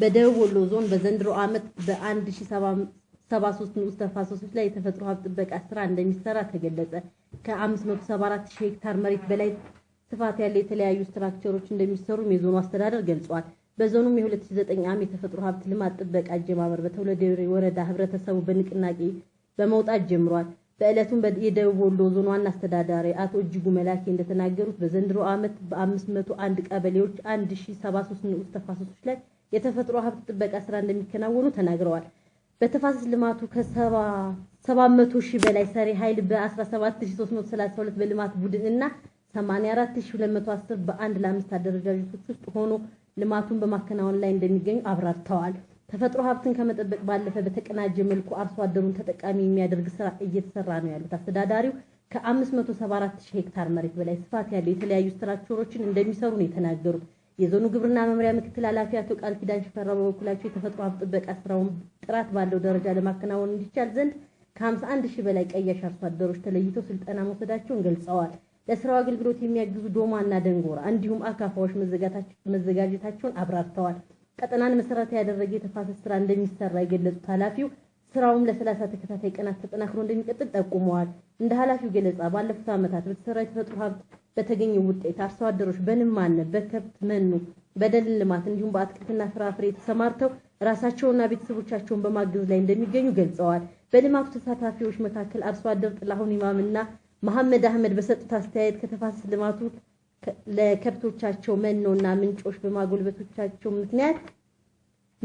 በደቡብ ወሎ ዞን በዘንድሮ ዓመት በ1073 ንዑስ ተፋሰሶች ላይ የተፈጥሮ ሀብት ጥበቃ ስራ እንደሚሰራ ተገለጸ። ከ574 ሄክታር መሬት በላይ ስፋት ያለው የተለያዩ ስትራክቸሮች እንደሚሰሩም የዞኑ አስተዳደር ገልጿል። በዞኑም የ2009 ዓ.ም የተፈጥሮ ሀብት ልማት ጥበቃ አጀማመር በተውለደሬ ወረዳ ህብረተሰቡ በንቅናቄ በመውጣት ጀምሯል። በዕለቱም የደቡብ ወሎ ዞን ዋና አስተዳዳሪ አቶ እጅጉ መላኬ እንደተናገሩት በዘንድሮ ዓመት በ501 ቀበሌዎች 1073 ንዑስ ተፋሰሶች ላይ የተፈጥሮ ሀብት ጥበቃ ስራ እንደሚከናወኑ ተናግረዋል። በተፋሰስ ልማቱ ከ700 ሺህ በላይ ሰሪ ኃይል በ17332 በልማት ቡድን እና 84210 በአንድ ለአምስት አደረጃጀቶች ውስጥ ሆኖ ልማቱን በማከናወን ላይ እንደሚገኙ አብራርተዋል። ተፈጥሮ ሀብትን ከመጠበቅ ባለፈ በተቀናጀ መልኩ አርሶ አደሩን ተጠቃሚ የሚያደርግ ስራ እየተሰራ ነው ያሉት አስተዳዳሪው ከ574 ሺህ ሄክታር መሬት በላይ ስፋት ያለው የተለያዩ ስትራክቸሮችን እንደሚሰሩ ነው የተናገሩት። የዞኑ ግብርና መምሪያ ምክትል ኃላፊ አቶ ቃል ኪዳን ሽፈራው በበኩላቸው የተፈጥሮ ሀብት ጥበቃ ስራውን ጥራት ባለው ደረጃ ለማከናወን እንዲቻል ዘንድ ከ51 ሺህ በላይ ቀያሽ አርሶ አደሮች ተለይተው ስልጠና መውሰዳቸውን ገልጸዋል። ለስራው አገልግሎት የሚያግዙ ዶማ እና ደንጎራ እንዲሁም አካፋዎች መዘጋጀታቸውን አብራርተዋል። ቀጠናን መሰረት ያደረገ የተፋሰስ ስራ እንደሚሰራ የገለጹት ኃላፊው ስራውም ለሰላሳ ተከታታይ ቀናት ተጠናክሮ እንደሚቀጥል ጠቁመዋል። እንደ ኃላፊው ገለጻ ባለፉት ዓመታት በተሰራ የተፈጥሮ ሀብት በተገኘ ውጤት አርሶ አደሮች በንማነት በከብት መኖ በደን ልማት እንዲሁም በአትክልትና ፍራፍሬ ተሰማርተው ራሳቸውና ቤተሰቦቻቸውን በማገዝ ላይ እንደሚገኙ ገልጸዋል። በልማቱ ተሳታፊዎች መካከል አርሶ አደር ጥላሁን ኢማምና መሐመድ አህመድ በሰጡት አስተያየት ከተፋሰስ ልማቱ ለከብቶቻቸው መኖና ምንጮች በማጎልበቶቻቸው ምክንያት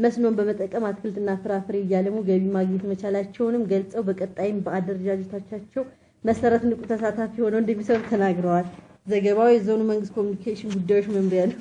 መስኖን በመጠቀም አትክልትና ፍራፍሬ እያለሙ ገቢ ማግኘት መቻላቸውንም ገልጸው በቀጣይም በአደረጃጀቶቻቸው መሰረት ንቁ ተሳታፊ ሆነው እንደሚሰሩ ተናግረዋል። ዘገባው የዞኑ መንግስት ኮሚኒኬሽን ጉዳዮች መምሪያ ነው